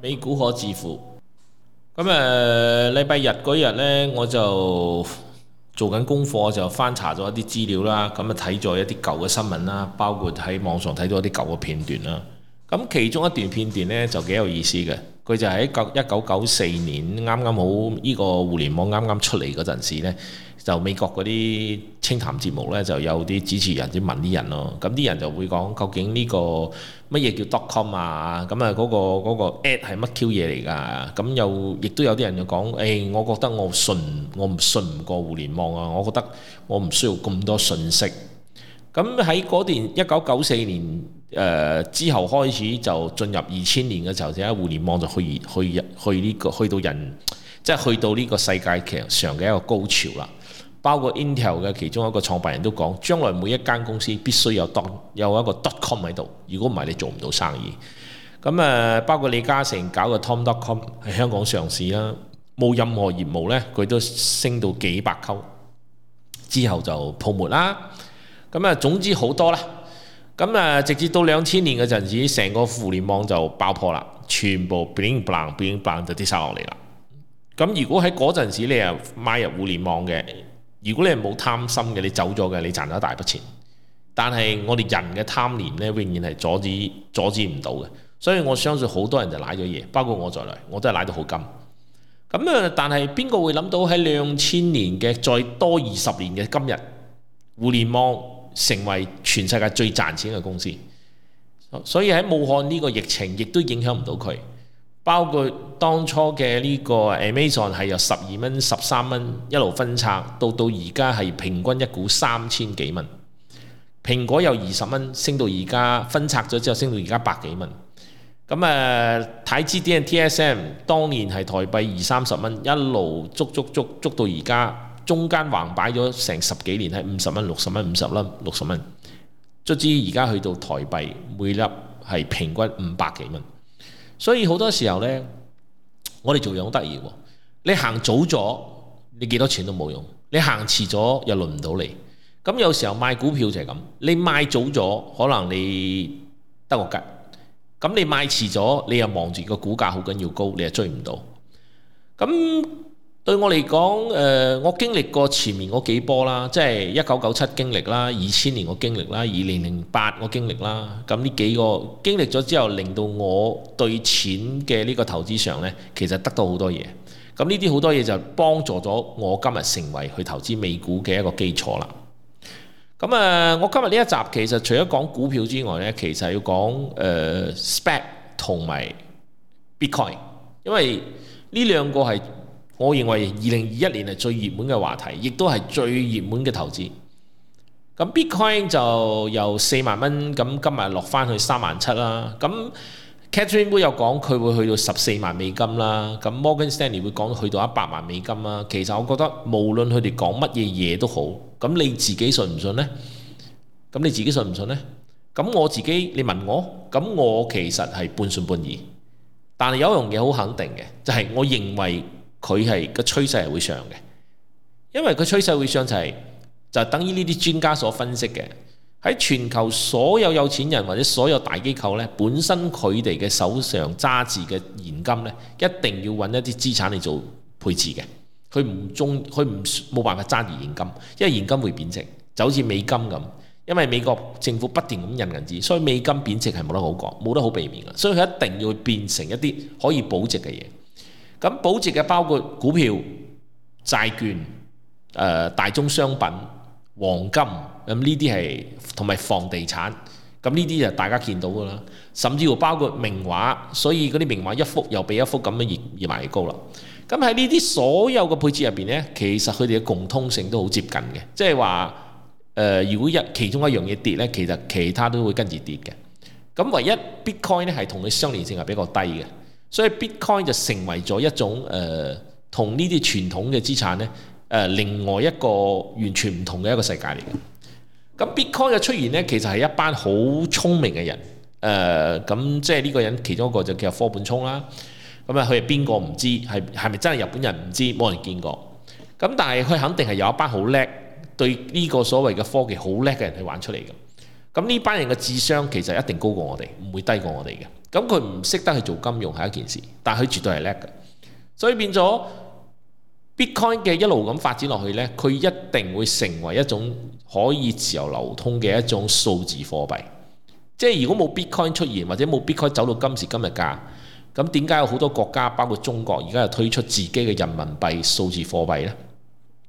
美股可致富。咁誒，禮、呃、拜日嗰日呢，我就做緊功課，就翻查咗一啲資料啦。咁啊，睇咗一啲舊嘅新聞啦，包括喺網上睇到一啲舊嘅片段啦。咁其中一段片段呢，就幾有意思嘅。佢就喺九一九九四年剛剛，啱啱好呢個互聯網啱啱出嚟嗰陣時咧。就美國嗰啲清談節目咧，就有啲主持人就問啲人咯，咁啲人就會講究竟呢個乜嘢叫 dotcom 啊？咁啊嗰個嗰、嗰個 at 係乜 Q 嘢嚟㗎？咁又亦都有啲人就講，誒、欸，我覺得我信我唔信唔過互聯網啊！我覺得我唔需要咁多信息。咁喺嗰段一九九四年誒、呃、之後開始就進入二千年嘅時候，就喺互聯網就去熱去去呢、呢個去到人即係、就是、去到呢個世界劇上嘅一個高潮啦。包括 Intel 嘅其中一個創辦人都講，將來每一間公司必須有 dot 有一個 dot.com 喺度，如果唔係你做唔到生意。咁啊，包括李嘉誠搞個 Tom dot com 喺香港上市啦，冇任何業務呢，佢都升到幾百溝，之後就泡沫啦。咁啊，總之好多啦。咁啊，直至到兩千年嗰陣時，成個互聯網就爆破啦，全部 bling bling bling bling 就跌晒落嚟啦。咁如果喺嗰陣時你啊買入互聯網嘅，如果你係冇貪心嘅，你走咗嘅，你賺咗一大筆錢。但係我哋人嘅貪念咧，永遠係阻止阻止唔到嘅。所以我相信好多人就蝕咗嘢，包括我在內，我都係蝕到好甘咁啊。但係邊個會諗到喺兩千年嘅再多二十年嘅今日，互聯網成為全世界最賺錢嘅公司？所以喺武漢呢個疫情亦都影響唔到佢。包括當初嘅呢個 Amazon 係由十二蚊、十三蚊一路分拆，到到而家係平均一股三千幾蚊。蘋果由二十蚊升到而家分拆咗之後，升到而家百幾蚊。咁、嗯、啊，睇支 DNTSM 當年係台幣二三十蚊，一路捉捉捉捉到而家，中間橫擺咗成十幾年係五十蚊、六十蚊、五十啦、六十蚊，卒之而家去到台幣每粒係平均五百幾蚊。所以好多時候呢，我哋做嘢好得意喎。你行早咗，你幾多錢都冇用；你行遲咗又輪唔到你。咁有時候賣股票就係咁，你賣早咗可能你得個吉，咁你賣遲咗你又望住個股價好緊要高，你又追唔到。咁對我嚟講、呃，我經歷過前面嗰幾波啦，即係一九九七經歷啦，二千年我經歷啦，二零零八我經歷啦，咁呢幾個經歷咗之後，令到我對錢嘅呢個投資上呢，其實得到好多嘢。咁呢啲好多嘢就幫助咗我今日成為去投資美股嘅一個基礎啦。咁我今日呢一集其實除咗講股票之外呢，其實要講、呃、SPAC 同埋 Bitcoin，因為呢兩個係。我認為二零二一年係最熱門嘅話題，亦都係最熱門嘅投資。咁 Bitcoin 就由四萬蚊咁今日落翻去三萬七啦。咁 Catherine 會有講佢會去到十四萬美金啦。咁 Morgan Stanley 會講去到一百萬美金啦。其實我覺得無論佢哋講乜嘢嘢都好，咁你自己信唔信呢？咁你自己信唔信呢？咁我自己你問我，咁我其實係半信半疑。但係有一樣嘢好肯定嘅，就係我認為。佢係個趨勢係會上嘅，因為佢趨勢會上就係就等於呢啲專家所分析嘅，喺全球所有有錢人或者所有大機構呢，本身佢哋嘅手上揸住嘅現金呢，一定要揾一啲資產嚟做配置嘅。佢唔中佢唔冇辦法揸住現金，因為現金會貶值，就好似美金咁。因為美國政府不斷咁印銀紙，所以美金貶值係冇得好講，冇得好避免嘅。所以佢一定要變成一啲可以保值嘅嘢。咁保值嘅包括股票、債券、誒大宗商品、黃金，咁呢啲係同埋房地產，咁呢啲就大家見到噶啦，甚至乎包括名畫，所以嗰啲名畫一幅又比一幅咁樣越越埋越高啦。咁喺呢啲所有嘅配置入邊呢，其實佢哋嘅共通性都好接近嘅，即係話誒，如果一其中一樣嘢跌呢，其實其他都會跟住跌嘅。咁唯一 Bitcoin 呢係同佢相連性係比較低嘅。所以 Bitcoin 就成為咗一種誒，同、呃、呢啲傳統嘅資產咧誒，另外一個完全唔同嘅一個世界嚟嘅。咁 Bitcoin 嘅出現咧，其實係一班好聰明嘅人誒，咁、呃、即係呢個人其中一個就叫科本聰啦。咁啊，佢係邊個唔知？係係咪真係日本人唔知，冇人見過。咁但係佢肯定係有一班好叻，對呢個所謂嘅科技好叻嘅人去玩出嚟嘅。咁呢班人嘅智商其實一定高過我哋，唔會低過我哋嘅。咁佢唔識得去做金融係一件事，但係佢絕對係叻嘅，所以變咗 Bitcoin 嘅一路咁發展落去呢，佢一定會成為一種可以自由流通嘅一種數字貨幣。即係如果冇 Bitcoin 出現或者冇 Bitcoin 走到今時今日價，咁點解有好多國家包括中國而家又推出自己嘅人民幣數字貨幣呢？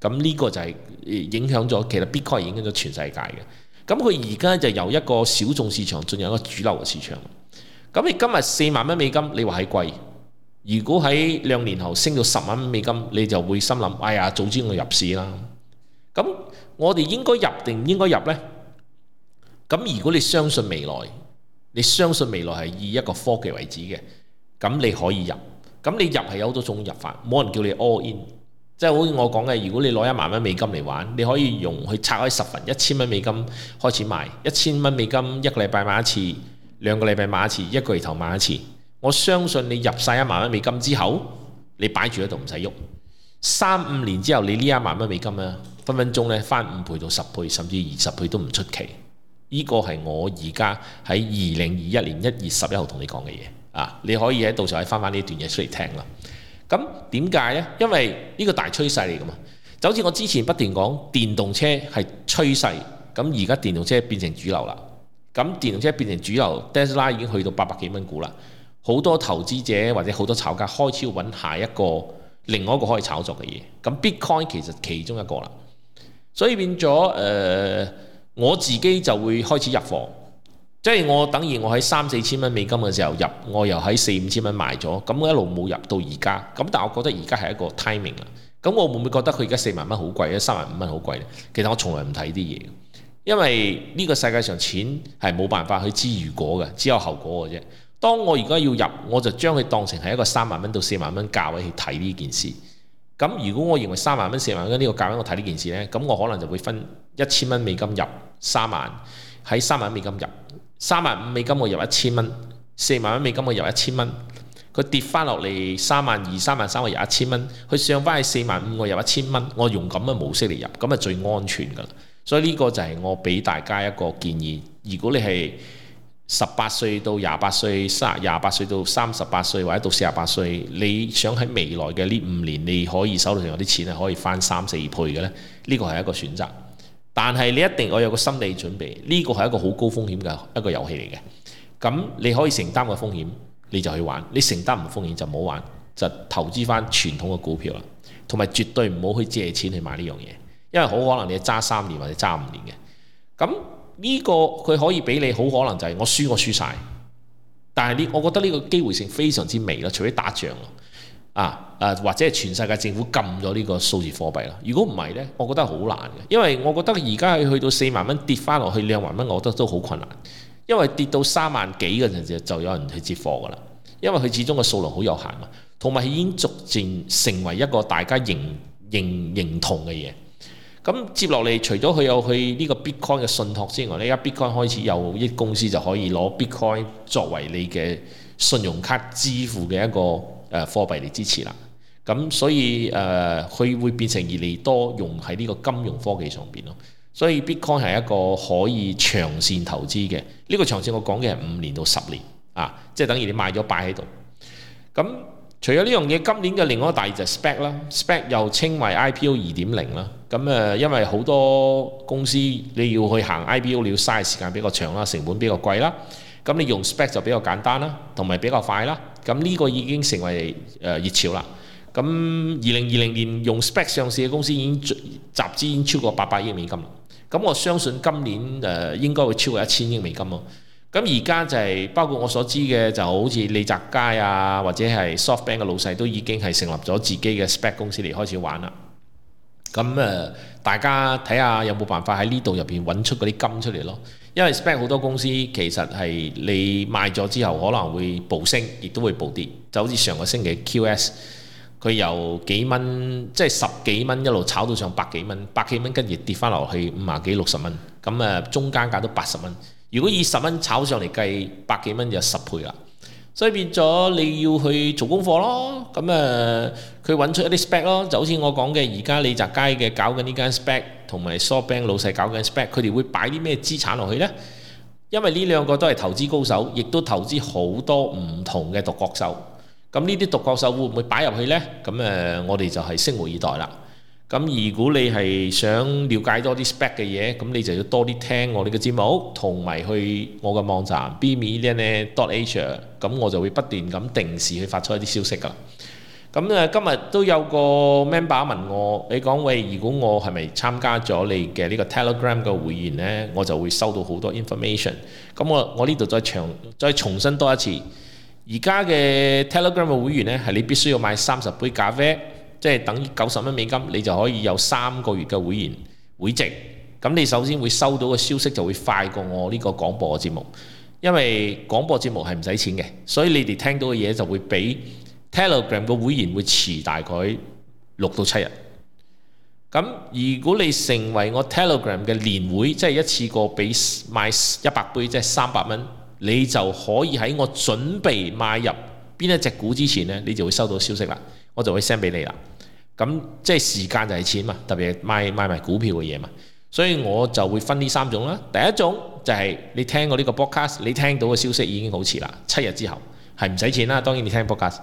咁呢個就係影響咗其實 Bitcoin 影響咗全世界嘅。咁佢而家就由一個小眾市場進入一個主流嘅市場。咁你今日四萬蚊美金，你話係貴。如果喺兩年後升到十萬蚊美金，你就會心諗：哎呀，早知我入市啦。咁我哋應該入定唔應該入呢？咁如果你相信未來，你相信未來係以一個科技為主嘅，咁你可以入。咁你入係有好多種入法，冇人叫你 all in。即係好似我講嘅，如果你攞一萬蚊美金嚟玩，你可以用去拆開十份，一千蚊美金開始買，一千蚊美金一個禮拜買一次。兩個禮拜買一次，一個月頭買一次。我相信你入晒一萬蚊美金之後，你擺住喺度唔使喐，三五年之後你呢一萬蚊美金啊，分分鐘咧翻五倍到十倍，甚至二十倍都唔出奇。呢個係我而家喺二零二一年一月十一號同你講嘅嘢啊！你可以喺到時候喺翻翻呢段嘢出嚟聽咯。咁點解呢？因為呢個大趨勢嚟噶嘛，就好似我之前不斷講電動車係趨勢，咁而家電動車變成主流啦。咁電動車變成主流，Tesla 已經去到八百幾蚊股啦。好多投資者或者好多炒家開始揾下一個，另外一個可以炒作嘅嘢。咁 Bitcoin 其實其中一個啦，所以變咗誒、呃，我自己就會開始入貨。即係我等於我喺三四千蚊美金嘅時候入，我又喺四五千蚊賣咗，咁我一路冇入到而家。咁但係我覺得而家係一個 timing 啊。咁我會唔會覺得佢而家四萬蚊好貴啊？三萬五蚊好貴呢？其實我從來唔睇啲嘢。因為呢個世界上錢係冇辦法去知如果嘅，只有後果嘅啫。當我而家要入，我就將佢當成係一個三萬蚊到四萬蚊價位去睇呢件事。咁如果我認為三萬蚊、四萬蚊呢個價位，我睇呢件事呢，咁我可能就會分一千蚊美金入三萬，喺三萬美金入三萬五美金我入一千蚊，四萬蚊美金我入一千蚊。佢跌翻落嚟三萬二、三萬三，我入一千蚊；佢上翻去四萬五，我入一千蚊。我用咁嘅模式嚟入，咁咪最安全㗎啦。所以呢個就係我俾大家一個建議，如果你係十八歲到，廿八歲，三廿八歲到三十八歲，或者到四十八歲，你想喺未來嘅呢五年你可以手頭上有啲錢係可以翻三四倍嘅咧，呢個係一個選擇。但係你一定要有個心理準備，呢個係一個好高風險嘅一個遊戲嚟嘅。咁你可以承擔嘅風險你就去玩，你承擔唔風險就唔好玩，就投資返傳統嘅股票啦，同埋絕對唔好去借錢去買呢樣嘢。因為好可能你係揸三年或者揸五年嘅，咁呢個佢可以俾你好可能就係我輸我輸晒，但係呢，我覺得呢個機會性非常之微咯。除非打仗啊啊，或者係全世界政府禁咗呢個數字貨幣咯。如果唔係呢，我覺得好難嘅，因為我覺得而家去到四萬蚊跌翻落去兩萬蚊，我覺得都好困難。因為跌到三萬幾嘅陣時就有人去接貨噶啦，因為佢始終個數量好有限嘛，同埋已經逐漸成為一個大家認認認認同嘅嘢。咁接落嚟，除咗佢有佢呢個 Bitcoin 嘅信託之外，呢家 Bitcoin 開始有啲公司就可以攞 Bitcoin 作為你嘅信用卡支付嘅一個誒貨幣嚟支持啦。咁所以誒，佢、呃、會變成越嚟越多用喺呢個金融科技上面咯。所以 Bitcoin 係一個可以長線投資嘅，呢、這個長線我講嘅係五年到十年啊，即係等於你買咗擺喺度咁。除咗呢樣嘢，今年嘅另外一大就係 SPAC 啦，SPAC 又稱為 IPO 二點零啦。咁誒，因為好多公司你要去行 IPO，你要嘥時間比較長啦，成本比較貴啦。咁你用 SPAC 就比較簡單啦，同埋比較快啦。咁呢個已經成為誒熱潮啦。咁二零二零年用 SPAC 上市嘅公司已經集資已經超過八百億美金啦。咁我相信今年誒應該會超過一千億美金啊！咁而家就係包括我所知嘅，就好似李澤楷啊，或者係 SoftBank 嘅老細，都已經係成立咗自己嘅 SPAC 公司嚟開始玩啦。咁啊，大家睇下有冇辦法喺呢度入邊揾出嗰啲金出嚟咯。因為 SPAC 好多公司其實係你賣咗之後可能會暴升，亦都會暴跌就 S。就好似上個星期 QS，佢由幾蚊即係十幾蚊一路炒到上百幾蚊，百幾蚊跟住跌返落去五十幾六十蚊。咁啊，中間價都八十蚊。如果以十蚊炒上嚟計，百幾蚊就十倍啦，所以變咗你要去做功課咯。咁誒，佢、呃、揾出一啲 SPAC 咯，就好似我講嘅，而家李澤楷嘅搞緊呢間 SPAC，同埋 SoftBank 老細搞緊 SPAC，佢哋會擺啲咩資產落去呢？因為呢兩個都係投資高手，亦都投資好多唔同嘅獨角獸。咁呢啲獨角獸會唔會擺入去呢？咁誒、呃，我哋就係拭目以待啦。咁如果你係想了解多啲 SPAC 嘅嘢，咁你就要多啲聽我哋嘅節目，同埋去我嘅網站 bimillion.com，咁我就會不斷咁定時去發出一啲消息噶啦。咁今日都有個 member 問我，你講喂，如果我係咪參加咗你嘅呢個 Telegram 嘅會員呢？我就會收到好多 information。咁我我呢度再長再重申多一次，而家嘅 Telegram 嘅會員呢，係你必須要買三十杯咖啡。即係等於九十蚊美金，你就可以有三個月嘅會員會籍。咁你首先會收到嘅消息就會快過我呢個廣播嘅節目，因為廣播節目係唔使錢嘅，所以你哋聽到嘅嘢就會比 Telegram 嘅會員會遲大概六到七日。咁如果你成為我 Telegram 嘅年會，即係一次過俾賣一百杯，即係三百蚊，你就可以喺我準備買入邊一隻股之前呢，你就會收到消息啦，我就會 send 俾你啦。咁即係時間就係錢嘛，特別係買賣埋股票嘅嘢嘛，所以我就會分呢三種啦。第一種就係你聽我呢個 Podcast，你聽到嘅消息已經好遲啦，七日之後係唔使錢啦。當然你聽 Podcast，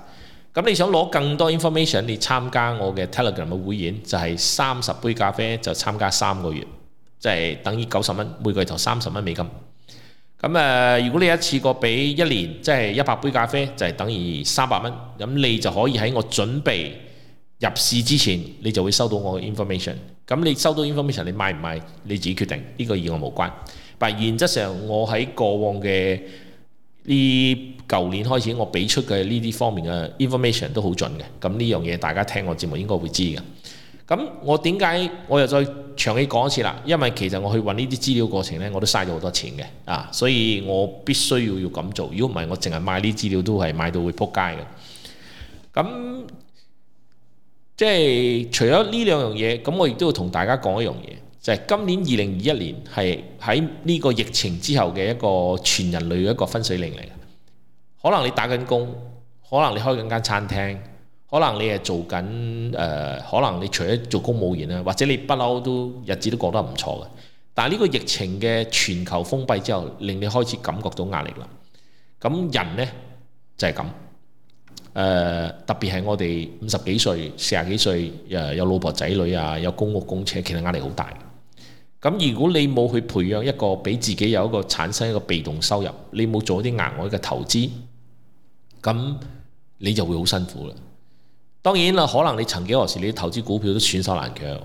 咁你想攞更多 information，你參加我嘅 Telegram 嘅會員就係三十杯咖啡就參加三個月，即係等於九十蚊每個月就三十蚊美金。咁，呃，如果你一次過俾一年，即係一百杯咖啡，就係等於三百蚊，咁你就可以喺我準備入市之前，你就會收到我嘅 information。咁你收到 information，你買唔買，你自己決定。呢個與我無關。但係原則上，我喺過往嘅呢舊年開始，我俾出嘅呢啲方面嘅 information 都好準嘅。咁呢樣嘢大家聽我節目應該會知嘅。咁我點解我又再詳細講一次啦？因為其實我去揾呢啲資料過程呢，我都嘥咗好多錢嘅啊！所以我必須要要咁做。如果唔係，我淨係賣呢啲資料都係賣到會仆街嘅。咁即係除咗呢兩樣嘢，咁我亦都要同大家講一樣嘢，就係今年二零二一年係喺呢個疫情之後嘅一個全人類一個分水嶺嚟嘅。可能你打緊工，可能你開緊間餐廳，可能你係做緊誒，可能你除咗做公務員啦，或者你不嬲都日子都過得唔錯嘅。但係呢個疫情嘅全球封閉之後，令你開始感覺到壓力啦。咁人呢，就係咁。誒、呃、特別係我哋五十幾歲、四十幾歲，誒有老婆仔女啊，有公屋公車，其實壓力好大。咁如果你冇去培養一個俾自己有一個產生一個被動收入，你冇做啲額外嘅投資，咁你就會好辛苦啦。當然啦，可能你曾幾何時你投資股票都損手爛腳。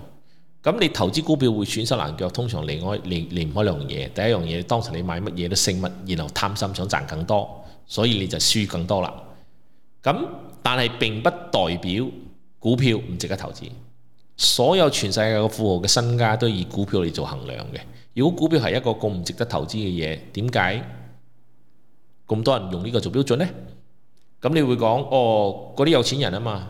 咁你投資股票會損失爛腳，通常離開離唔開兩樣嘢。第一樣嘢，當時你買乜嘢都升乜，然後貪心想賺更多，所以你就輸更多啦。咁，但係並不代表股票唔值得投資。所有全世界嘅富豪嘅身家都以股票嚟做衡量嘅。如果股票係一個咁唔值得投資嘅嘢，點解咁多人用呢個做標準呢？咁你會講哦，嗰啲有錢人啊嘛。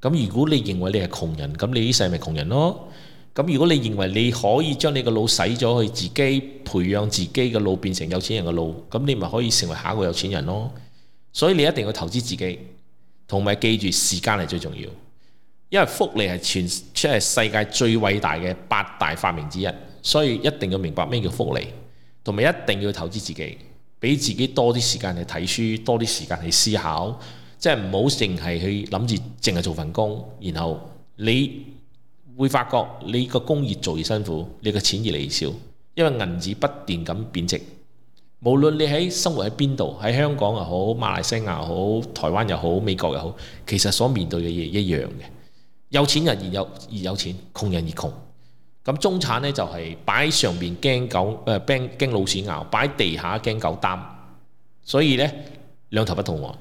咁如果你認為你係窮人，咁你呢世咪窮人咯。咁如果你認為你可以將你嘅腦洗咗去自己培養自己嘅腦變成有錢人嘅腦，咁你咪可以成為下一個有錢人咯。所以你一定要投資自己，同埋記住時間係最重要。因為福利係全即係世界最偉大嘅八大發明之一，所以一定要明白咩叫福利，同埋一定要投資自己，俾自己多啲時間去睇書，多啲時間去思考，即係唔好淨係去諗住淨係做份工，然後你會發覺你個工越做越辛苦，你個錢越嚟越少，因為銀紙不斷咁貶值。無論你喺生活喺邊度，喺香港又好，馬來西亞又好，台灣又好，美國又好，其實所面對嘅嘢一樣嘅。有錢人而有而有錢，窮人而窮。咁中產呢，就係擺上邊驚狗，誒、呃、驚老鼠咬，擺地下驚狗擔。所以呢，兩頭不同喎。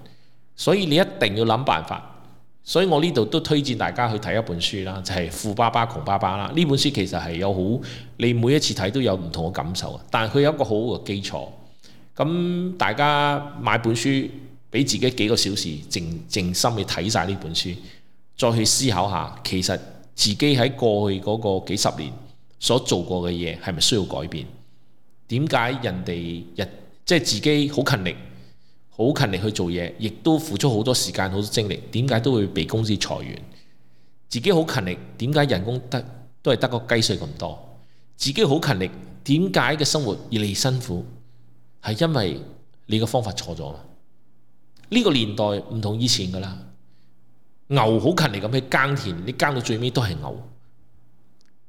所以你一定要諗辦法。所以我呢度都推薦大家去睇一本書啦，就係《富爸爸窮爸爸》啦。呢本書其實係有好，你每一次睇都有唔同嘅感受啊。但係佢有一個好好嘅基礎。咁大家買本書，俾自己幾個小時靜靜心去睇晒呢本書，再去思考下，其實自己喺過去嗰個幾十年所做過嘅嘢，係咪需要改變？點解人哋日即係自己好勤力，好勤力去做嘢，亦都付出好多時間、好多精力，點解都會被公司裁員？自己好勤力，點解人工得都係得個雞碎咁多？自己好勤力，點解嘅生活越嚟越辛苦？係因為你個方法錯咗。呢個年代唔同以前噶啦。牛好勤力咁去耕田，你耕到最尾都係牛。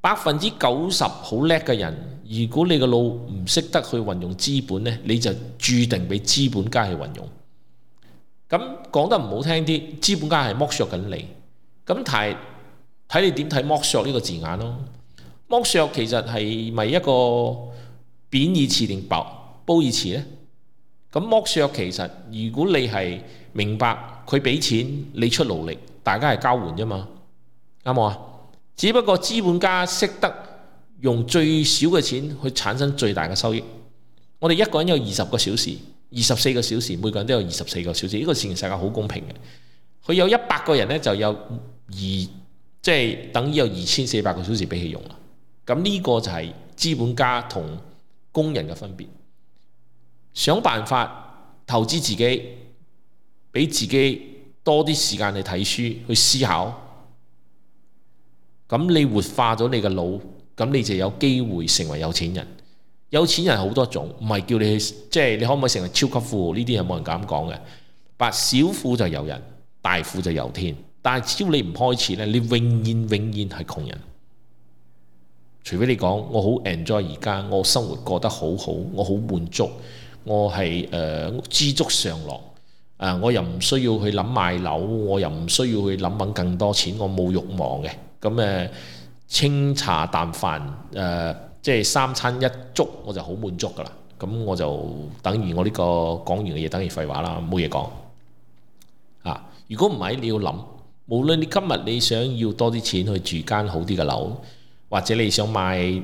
百分之九十好叻嘅人，如果你個腦唔識得去運用資本咧，你就注定俾資本家去運用。咁講得唔好聽啲，資本家係剝削緊你。咁睇睇你點睇剝削呢個字眼咯？剝削其實係咪一個貶義詞定白？褒義詞呢？咁剝削其實，如果你係明白佢俾錢你出勞力，大家係交換啫嘛，啱冇啊？只不過資本家識得用最少嘅錢去產生最大嘅收益。我哋一個人有二十個小時，二十四個小時，每個人都有二十四個小時，呢、這個事情世界好公平嘅。佢有一百個人呢，就有二即係等於有二千四百個小時俾佢用啦。咁呢個就係資本家同工人嘅分別。想辦法投資自己，俾自己多啲時間去睇書，去思考。咁你活化咗你嘅腦，咁你就有機會成為有錢人。有錢人好多種，唔係叫你去，即係你可唔可以成為超級富豪？呢啲嘢冇人敢講嘅。但小富就由人，大富就由天。但係只要你唔開始咧，你永遠永遠係窮人。除非你講我好 enjoy 而家，我生活過得好好，我好滿足。我係誒、呃、知足常樂啊！我又唔需要去諗買樓，我又唔需要去諗揾更多錢，我冇慾望嘅。咁誒清茶淡飯誒、呃，即係三餐一粥，我就好滿足㗎啦。咁我就等於我呢個講完嘅嘢，等於廢話啦，冇嘢講嚇。如果唔係，要你要諗，無論你今日你想要多啲錢去住間好啲嘅樓，或者你想買，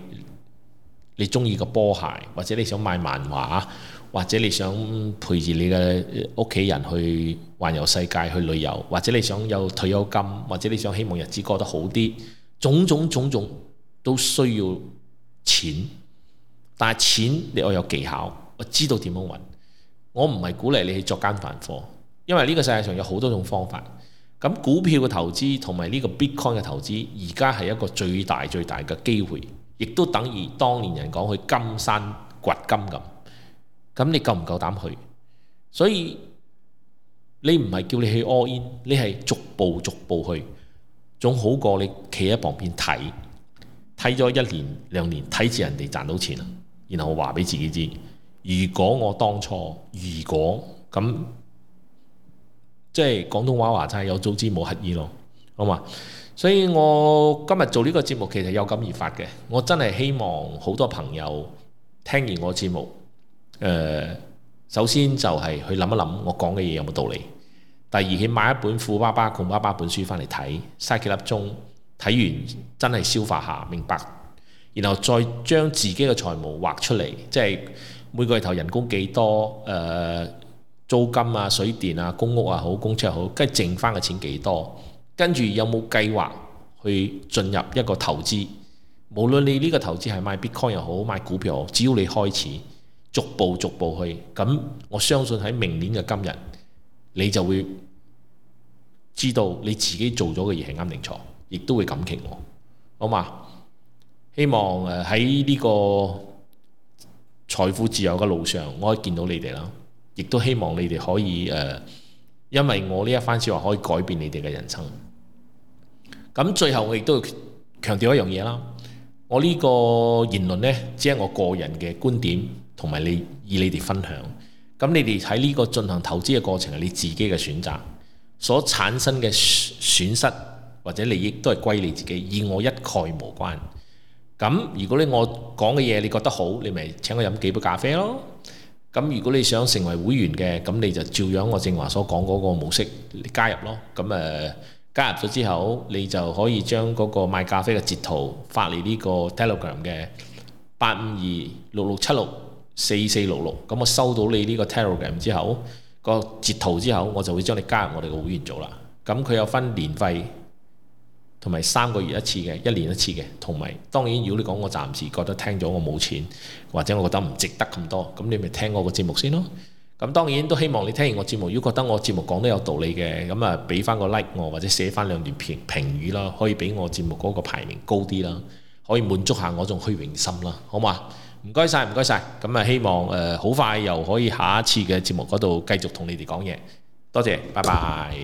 你中意個波鞋，或者你想買漫畫，或者你想陪住你嘅屋企人去環遊世界去旅遊，或者你想有退休金，或者你想希望日子過得好啲，種種種種都需要錢。但係錢，你我有技巧，我知道點樣揾。我唔係鼓勵你去作奸犯科，因為呢個世界上有好多種方法。咁股票嘅投資同埋呢個 Bitcoin 嘅投資，而家係一個最大最大嘅機會。亦都等於當年人講去金山掘金咁，咁你夠唔夠膽去？所以你唔係叫你去 all in，你係逐步逐步去，總好過你企喺旁邊睇，睇咗一年兩年，睇住人哋賺到錢啦，然後話俾自己知：如果我當初，如果咁，即係廣東話話齋係有早知冇乞衣咯，好嘛？所以我今日做呢個節目其實有感而發嘅，我真係希望好多朋友聽完我節目，誒、呃，首先就係去諗一諗我講嘅嘢有冇道理，第二起買一本富爸爸窮爸爸本書翻嚟睇，嘥幾粒鍾，睇完真係消化下明白，然後再將自己嘅財務劃出嚟，即係每個月頭人工幾多，誒、呃，租金啊、水電啊、公屋啊好、公車、啊、好，跟住剩翻嘅錢幾多。跟住有冇計劃去進入一個投資？無論你呢個投資係買 Bitcoin 又好，買股票又好，只要你開始逐步逐步去，咁我相信喺明年嘅今日，你就會知道你自己做咗嘅嘢係啱定錯，亦都會感激我。好嘛？希望誒喺呢個財富自由嘅路上，我可以見到你哋啦，亦都希望你哋可以誒。呃因為我呢一番說話可以改變你哋嘅人生，咁最後我亦都要強調一樣嘢啦，我呢個言論呢，只係我個人嘅觀點，同埋你以你哋分享。咁你哋喺呢個進行投資嘅過程係你自己嘅選擇，所產生嘅損失或者利益都係歸你自己，以我一概無關。咁如果咧我講嘅嘢你覺得好，你咪請我飲幾杯咖啡咯。咁如果你想成為會員嘅，咁你就照樣我正話所講嗰個模式加入咯。咁誒、呃、加入咗之後，你就可以將嗰個賣咖啡嘅截圖發嚟呢個 Telegram 嘅八五二六六七六四四六六。咁我收到你呢個 Telegram 之後，個截圖之後，我就會將你加入我哋嘅會員組啦。咁佢有分年費。同埋三個月一次嘅，一年一次嘅，同埋當然，如果你講我暫時覺得聽咗我冇錢，或者我覺得唔值得咁多，咁你咪聽我個節目先咯。咁當然都希望你聽完我節目，如果覺得我節目講得有道理嘅，咁啊俾翻個 like 我，或者寫翻兩段評評語啦，可以俾我節目嗰個排名高啲啦，可以滿足下我仲虛榮心啦，好嘛？唔該晒，唔該晒。咁啊希望呃，好快又可以下一次嘅節目嗰度繼續同你哋講嘢。多謝，拜拜。